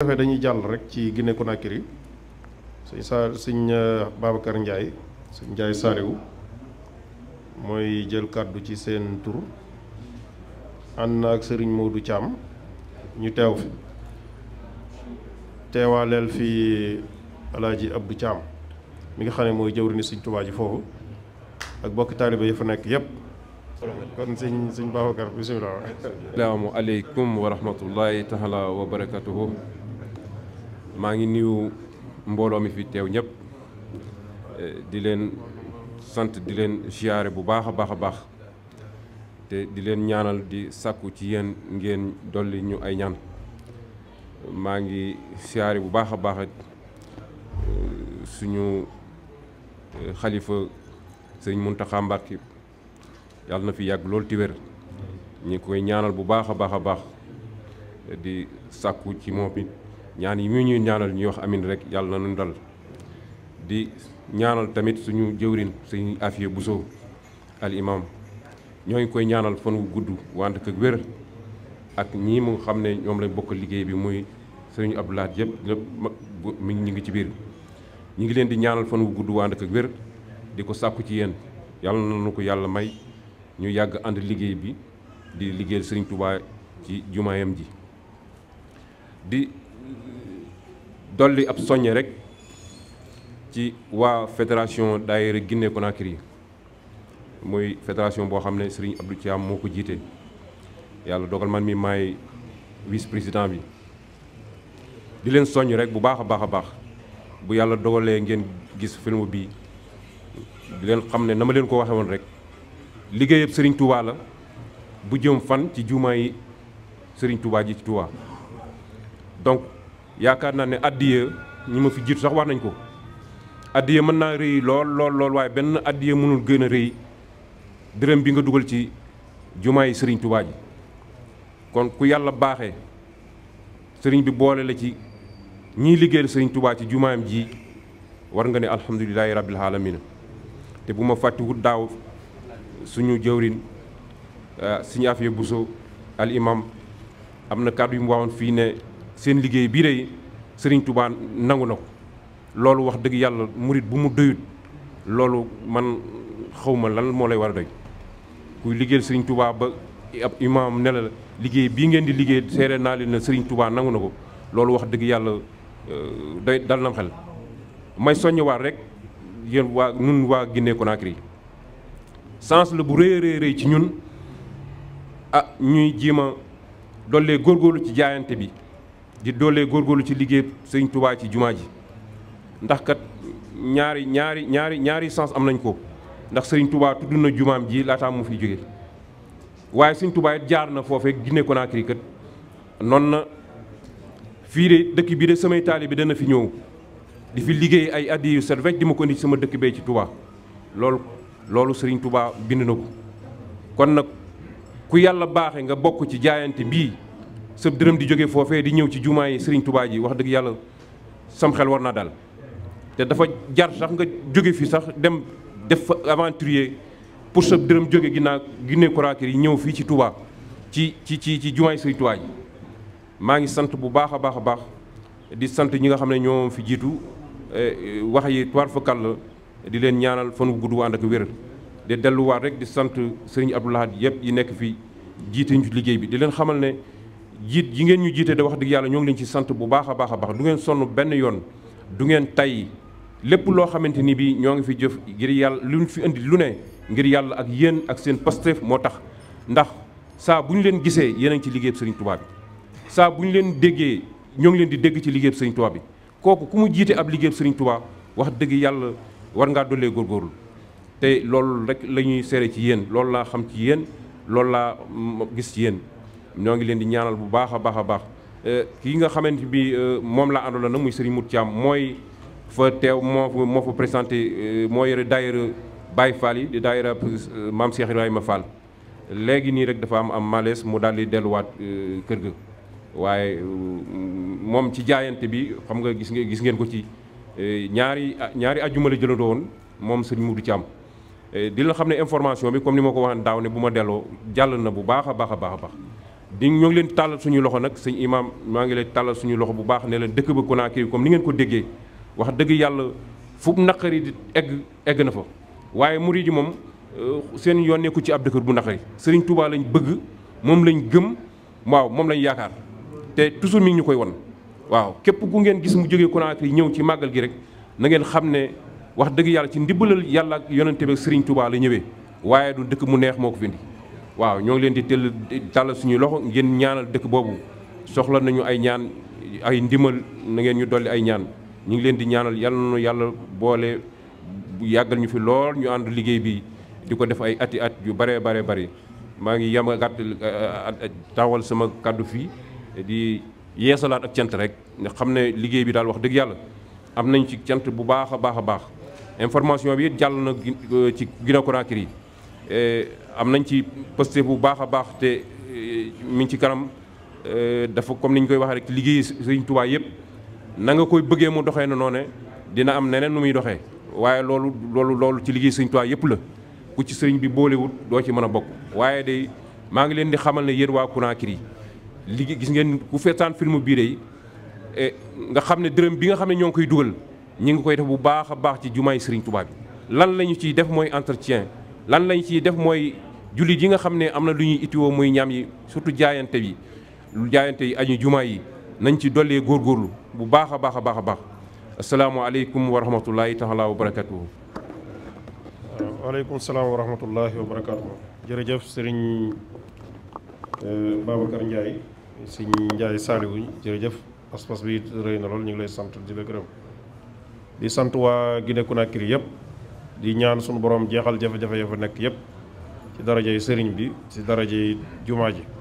defee dañuy jàll rek ci Guinée Conakry sëñ sa sëñ euh, Babacar Ndiaye sëñ njaay Saliou mooy jël kàddu ci seen tur ànd na ak sëriñ Modou Thiam ñu teew fi teewaaleel fi alaaji Abdou Thiam mi nga xam ne mooy jëwriñu sëñ Tuubaa ji foofu ak bokki taaliba yi fa nekk yépp kon sëñ sëñ Babacar bisimilah salaamu aleykum wa rahmatullahi taala wa barakatuhu maa ngi nuyu mbooloo mi fi teew ñëpp eh, di leen sant di leen siyaare bu baax a baax a baax te di leen ñaanal di sàkku ci yéen ngeen dolli ñu ay ñaan maa ngi siyaare bu baax a baax a eh, suñu eh, xalifa sëñ Muntaxa Mbàkke yàlla na fi yàgg lool ti wér ñi koy ñaanal bu baax a baax a baax di sàkku ci moom bi ñaan yi mu ñuy ñaanal ñuy wax amin rek yàlla na ñu dal di ñaanal tamit suñu jëwrin suñu afiya Bousso al imam ñoo ngi koy ñaanal fan wu gudd wante ak wér ak ñii mu xam ne ñoom lañ bokk liggéey bi muy sëriñ Abdoulaye yëpp ñëpp mi ñu ngi ci biir ñu ngi leen di ñaanal fan wu gudd wante ak wér di ko sàkku ci yéen yàlla nañu ko yàlla may ñu yàgg ànd liggéey bi di liggéeyal sëriñ Touba ci jumaayam ji dolli ab soññe rek ci waa fédération daayira Guinée Conakry muy fédération boo xam ne Serigne Abdou Thiam moo ko jiite yàlla dogal man mi may vice président bi di leen soññ rek bu baax a baax a baax bu yàlla dogalee ngeen gis film bi di leen xam ne na ma leen ko waxe woon rek liggéeyab Serigne Touba la bu jëm fan ci jumaa yi sëriñ Touba ji ci Touba donc yaakaar naa ne addiya ñi ma fi jiitu sax war nañ ko addiya mën naa rëy lool lool lool waaye benn addiya mënul gën a rëy dërëm bi nga dugal ci jumaa yi sëriñ Tuubaa ji kon ku yàlla baaxe sëriñ bi boole la ci ñiy liggéeyal sëriñ Tuubaa ci jumaayam ji war nga ne alhamdulilahi rabbil alamina te bu ma fàttiwut daaw suñu jëwrin euh, suñu afiya buso al imam am na kàddu yu mu fii ne seen liggéey bii day sëriñ Touba nangu na ko loolu wax dëgg yàlla murit bu mu doyut loolu man xawma lan moo lay war a doy kuy liggéeyal Serigne Touba ba ab imaam nela la liggéey bii ngeen di liggéey seere naa leen na Serigne tubaa nangu na ko loolu wax dëgg yàlla euh, doy dal nam xel may soññewaat rek yéen waa nun waa Guinée Conakry sens la bu rëy rëy ci ñun ah ñuy jéem a dollee góorgóorlu ci jaayante bi di doolee góorgóorlu ci liggéey sëñ Touba ci jumaa ji ndax kat ñaari ñaari ñaari ñaari sens am nañ ko ndax sëñ tubaa tudd na jumaam ji laataa mu fi jóge waaye sëñ Touba jaar na foofee Guinée Conakry kat noon na fii de dëkk bii de samay taalibe dana fi ñëw di fi liggéey ay addi yu set wecc di ma ko indi sama dëkk bee ci Touba loolu sëriñ tubaa bind na ko kon nag ku yàlla baaxe nga bokk ci jaayante bii sa dërëm di jóge foofee di ñëw ci jumaa yi Serigne Touba ji wax dëgg yàlla sam xel war naa daal te dafa jar sax nga jóge fi sax dem def fa aventurier pour sa dërëm jóge ginnaaw Guinée Conakry yi ñëw fii ci Touba ci ci ci ci jumaa yi Serigne Touba ji maa ngi sant bu baax a baax a baax di sant ñi nga xam ne ñoom fi jiitu eh, wax yi toir fa kàll di leen ñaanal fan wu gudd ànd ak wér de delluwaat rek di sant Serigne Abdoul Ahad yëpp yi nekk fi jiite ñu liggéey bi di leen xamal ne jiit yi ngeen ñu jiite da wax dëgg yàlla ñoo ngi leen ci sant bu baax a baax a du ngeen sonn benn yoon du ngeen tay lépp loo xamante ni bii ñoo ngi fi jëf ngir yàlla lu luñ fi indi lu ne ngir yàlla ak yéen ak seen Pastef moo tax ndax saa bu ñu leen gisee yéen ci liggéeyab Serigne tubaab bi saa bu ñu leen déggee ñoo ngi leen di dégg ci liggéeyab Serigne Touba bi kooku ku mu jiite ab liggéeyab Serigne tubaab wax dëgg yàlla war ngaa dollee góorgóorlu te loolu rek la ñuy ci yéen loolu laa xam ci yéen loolu laa gis ci yéen ñoo ngi leen di ñaanal bu baax a baax a baax euh, kii nga xamante bi euh, moom la àndoon na muy Serigne Mout Thiam mooy fa teew moo moo fa présenté euh, moo yore daayira Baye Fall yi maam Cheikh Ibrahima Fall léegi nii rek dafa am am malaise mu daal di delluwaat kër ga waaye moom ci jaayante bi xam nga gis ngeen gis ngeen ko ci ñaari ñaari ajjuma la jëlandoo woon moom sëñ Moudou Thiam di la xam ne information bi comme ni ma ko waxee daaw ne bu ma delloo jàll na bu a baax a baax a baax di ñoo ngi leen tàllal suñu loxo nag sëñ imaam maa ngi leen tàllal suñu loxo bu baax ne leen dëkk ba Conakry comme ni ngeen ko déggee wax dëgg yàlla fu mu naqari di egg egg na fa waaye murid yi moom euh, seen yoon nekku ci ab dëkkër bu naqari sëriñ Touba lañ bëgg moom lañ gëm waaw moom lañ yaakaar te toujours mi ñu koy won waaw képp ku ngeen gis mu jógee Conakry ñëw ci màggal gi rek na ngeen xam ne wax dëgg yàlla ci ndimbalal yàlla ak yonente bi sëriñ Touba la ñëwee waaye du dëkk mu neex moo ko fi waaw ñoo ngi leen di tëll tàll suñuy loxo ngeen ñaanal dëkk boobu soxla nañu ay ñaan ay ndimal na ngeen ñu dolli ay ñaan ñu ngi leen di ñaanal yal na yàlla boole yàggal ñu fi lool ñu ànd liggéey bi di ko def ay ati at yu bare bare bari maa ngi yam a gàtt taawal sama kàddu fii di yeesalaat ak cant rek ndax xam ne liggéey bi daal wax dëgg yàlla am nañ ci cant bu baax a baax a baax information bi jàll na euh, ci Guinée Conakry Eh, am nañ ci posté bu baax a baax te eh, mi ngi ci kanam eh, dafa comme ni ñu koy waxee rek liggéey Sëriñ Tuubaa yëpp na nga koy bëggee mu doxee na noone dina am neneen nu muy doxee waaye loolu loolu loolu ci liggéey Sëriñ Tuubaa yëpp la ku ci sëriñ bi boolewut doo ci mën a bokk waaye day maa ngi leen di xamal ne yéen waa Conakry liggéey gis ngeen ku fetaan film bii day nga xam ne dërëm bi nga xam ne ñoo ngi koy dugal ñu ngi koy def bu baax a baax ci jumaay Sëriñ Tuubaa bi lan la ñu ciy def mooy entretien lan lañ ciy def mooy jullit yi nga xam ne am na lu ñuy itiwoo muy ñaam yi surtout jaayante bi lu jaayante yi añu jumaa yi nañ ci dollee góorlu bu baax a baax a baax a baax asalaamaaleykum wa rahmatullahi taala wa barakatuhu waaleykum salaam wa rahmatullahi wa barakatuhu jërëjëf sëriñ euh, Babacar Ndiaye sëñ Ndiaye Saliou jërëjëf pas-pas bi rëy na lool ñu ngi lay sant di la gërëm di sant waa Guinée Conakry yëpp di ñaan sunu borom jeexal jafe-jafe ya fa nekk yëpp ci daraja yi sëriñ bi ci daraja yi jumaa ji